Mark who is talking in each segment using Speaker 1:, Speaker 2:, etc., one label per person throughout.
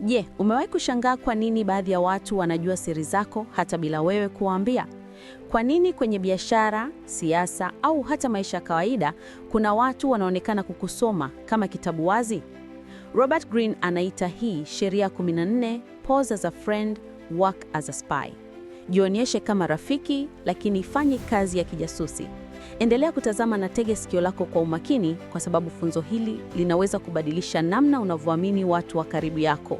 Speaker 1: Je, umewahi kushangaa kwa nini baadhi ya watu wanajua siri zako hata bila wewe kuwaambia? Kwa nini kwenye biashara, siasa au hata maisha ya kawaida kuna watu wanaonekana kukusoma kama kitabu wazi? Robert Greene anaita hii sheria 14, pose as a friend, work as a spy. Jionyeshe kama rafiki, lakini fanye kazi ya kijasusi. Endelea kutazama na tege sikio lako kwa umakini, kwa sababu funzo hili linaweza kubadilisha namna unavyoamini watu wa karibu yako.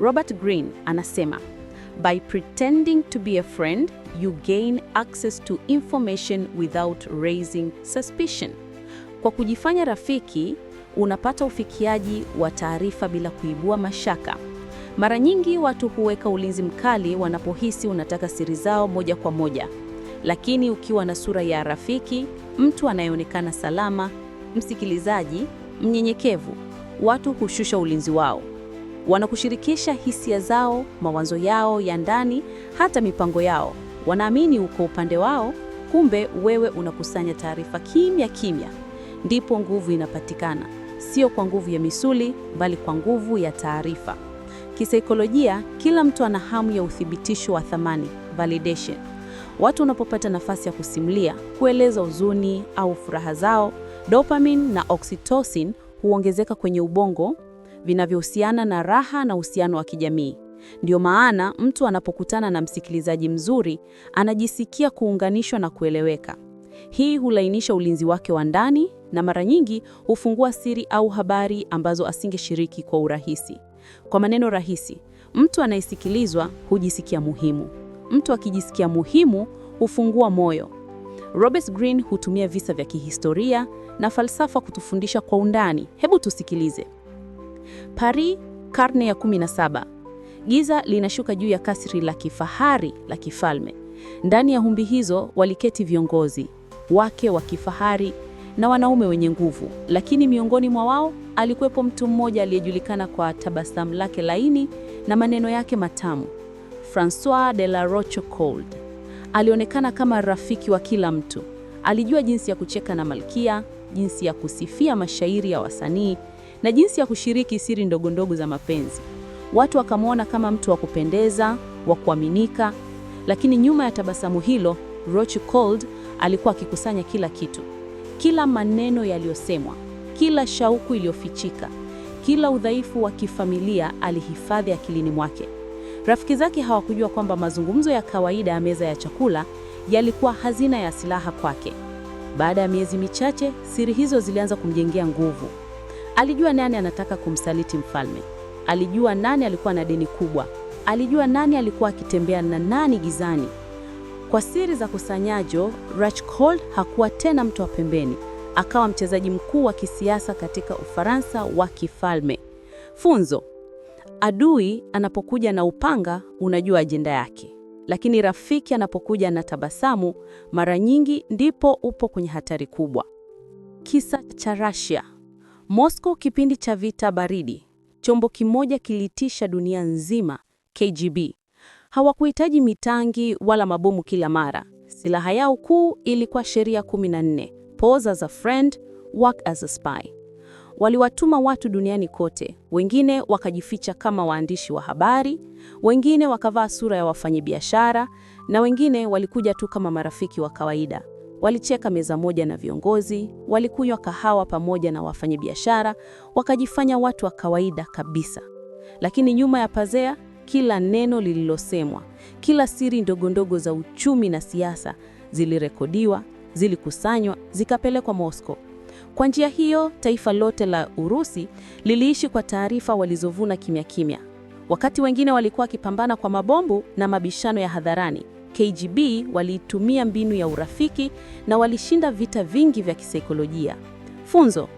Speaker 1: Robert Greene anasema by pretending to be a friend you gain access to information without raising suspicion. Kwa kujifanya rafiki unapata ufikiaji wa taarifa bila kuibua mashaka. Mara nyingi watu huweka ulinzi mkali wanapohisi unataka siri zao moja kwa moja. Lakini ukiwa na sura ya rafiki, mtu anayeonekana salama, msikilizaji, mnyenyekevu, watu hushusha ulinzi wao. Wanakushirikisha hisia zao, mawazo yao ya ndani, hata mipango yao. Wanaamini uko upande wao, kumbe wewe unakusanya taarifa kimya kimya. Ndipo nguvu inapatikana, sio kwa nguvu ya misuli, bali kwa nguvu ya taarifa. Kisaikolojia, kila mtu ana hamu ya uthibitisho wa thamani, validation. Watu wanapopata nafasi ya kusimulia, kueleza huzuni au furaha zao, dopamine na oxytocin huongezeka kwenye ubongo, vinavyohusiana na raha na uhusiano wa kijamii. Ndio maana mtu anapokutana na msikilizaji mzuri anajisikia kuunganishwa na kueleweka. Hii hulainisha ulinzi wake wa ndani na mara nyingi hufungua siri au habari ambazo asingeshiriki kwa urahisi. Kwa maneno rahisi, mtu anayesikilizwa hujisikia muhimu mtu akijisikia muhimu hufungua moyo. Robert Greene hutumia visa vya kihistoria na falsafa kutufundisha kwa undani. Hebu tusikilize. Paris, karne ya 17. Giza linashuka juu ya kasri la kifahari la kifalme. Ndani ya humbi hizo waliketi viongozi, wake wa kifahari na wanaume wenye nguvu, lakini miongoni mwa wao alikuwepo mtu mmoja aliyejulikana kwa tabasamu lake laini na maneno yake matamu. Francois de la Cold. Alionekana kama rafiki wa kila mtu. Alijua jinsi ya kucheka na malkia, jinsi ya kusifia mashairi ya wasanii na jinsi ya kushiriki siri ndogondogo za mapenzi. Watu wakamwona kama mtu wa kupendeza, wa kuaminika, lakini nyuma ya tabasamu hilo, Cold alikuwa akikusanya kila kitu, kila maneno yaliyosemwa, kila shauku iliyofichika, kila udhaifu wa kifamilia alihifadhi akilini mwake. Rafiki zake hawakujua kwamba mazungumzo ya kawaida ya meza ya chakula yalikuwa hazina ya silaha kwake. Baada ya miezi michache, siri hizo zilianza kumjengea nguvu. Alijua nani anataka kumsaliti mfalme, alijua nani alikuwa na deni kubwa, alijua nani alikuwa akitembea na nani gizani. Kwa siri za kusanyajo, Rachcol hakuwa tena mtu wa pembeni, akawa mchezaji mkuu wa kisiasa katika Ufaransa wa kifalme. Funzo: Adui anapokuja na upanga, unajua ajenda yake, lakini rafiki anapokuja na tabasamu, mara nyingi ndipo upo kwenye hatari kubwa. Kisa cha Russia, Moscow, kipindi cha vita baridi, chombo kimoja kilitisha dunia nzima, KGB. Hawakuhitaji mitangi wala mabomu kila mara. Silaha yao kuu ilikuwa sheria 14, pose as a friend, work as a spy waliwatuma watu duniani kote, wengine wakajificha kama waandishi wa habari, wengine wakavaa sura ya wafanyabiashara, na wengine walikuja tu kama marafiki wa kawaida. Walicheka meza moja na viongozi, walikunywa kahawa pamoja na wafanyabiashara, wakajifanya watu wa kawaida kabisa. Lakini nyuma ya pazea, kila neno lililosemwa, kila siri ndogondogo za uchumi na siasa zilirekodiwa, zilikusanywa, zikapelekwa Moscow kwa njia hiyo, taifa lote la Urusi liliishi kwa taarifa walizovuna kimya kimya. Wakati wengine walikuwa wakipambana kwa mabombu na mabishano ya hadharani, KGB waliitumia mbinu ya urafiki na walishinda vita vingi vya kisaikolojia. Funzo: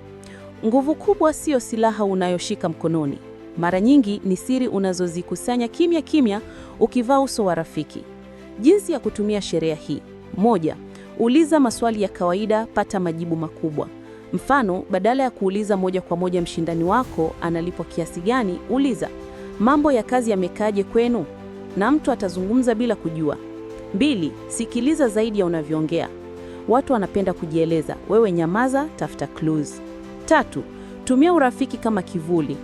Speaker 1: nguvu kubwa sio silaha unayoshika mkononi. Mara nyingi ni siri unazozikusanya kimya kimya ukivaa uso wa rafiki. Jinsi ya kutumia sheria hii: moja, uliza maswali ya kawaida, pata majibu makubwa. Mfano, badala ya kuuliza moja kwa moja mshindani wako analipwa kiasi gani, uliza mambo ya kazi yamekaaje kwenu, na mtu atazungumza bila kujua. Mbili, sikiliza zaidi ya unavyoongea. Watu wanapenda kujieleza, wewe nyamaza, tafuta clues. Tatu, tumia urafiki kama kivuli,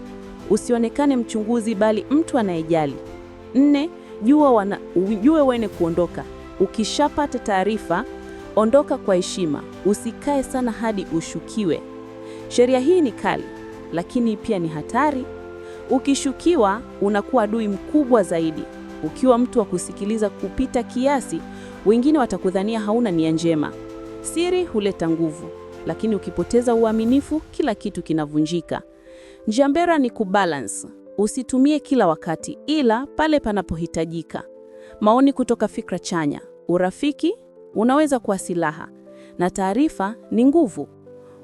Speaker 1: usionekane mchunguzi, bali mtu anayejali. Nne, jua wana, jue wene kuondoka. Ukishapata taarifa Ondoka kwa heshima, usikae sana hadi ushukiwe. Sheria hii ni kali, lakini pia ni hatari. Ukishukiwa unakuwa adui mkubwa zaidi. Ukiwa mtu wa kusikiliza kupita kiasi, wengine watakudhania hauna nia njema. Siri huleta nguvu, lakini ukipoteza uaminifu, kila kitu kinavunjika. Njia mbera ni kubalance. Usitumie kila wakati, ila pale panapohitajika. Maoni kutoka Fikra Chanya, urafiki unaweza kuwa silaha na taarifa ni nguvu.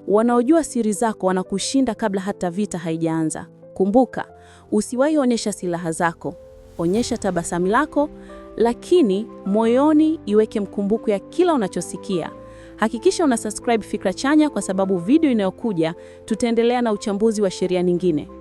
Speaker 1: Wanaojua siri zako wanakushinda kabla hata vita haijaanza. Kumbuka, usiwahi onyesha silaha zako, onyesha tabasamu lako, lakini moyoni iweke mkumbuko ya kila unachosikia. Hakikisha una subscribe Fikra Chanya, kwa sababu video inayokuja tutaendelea na uchambuzi wa sheria nyingine.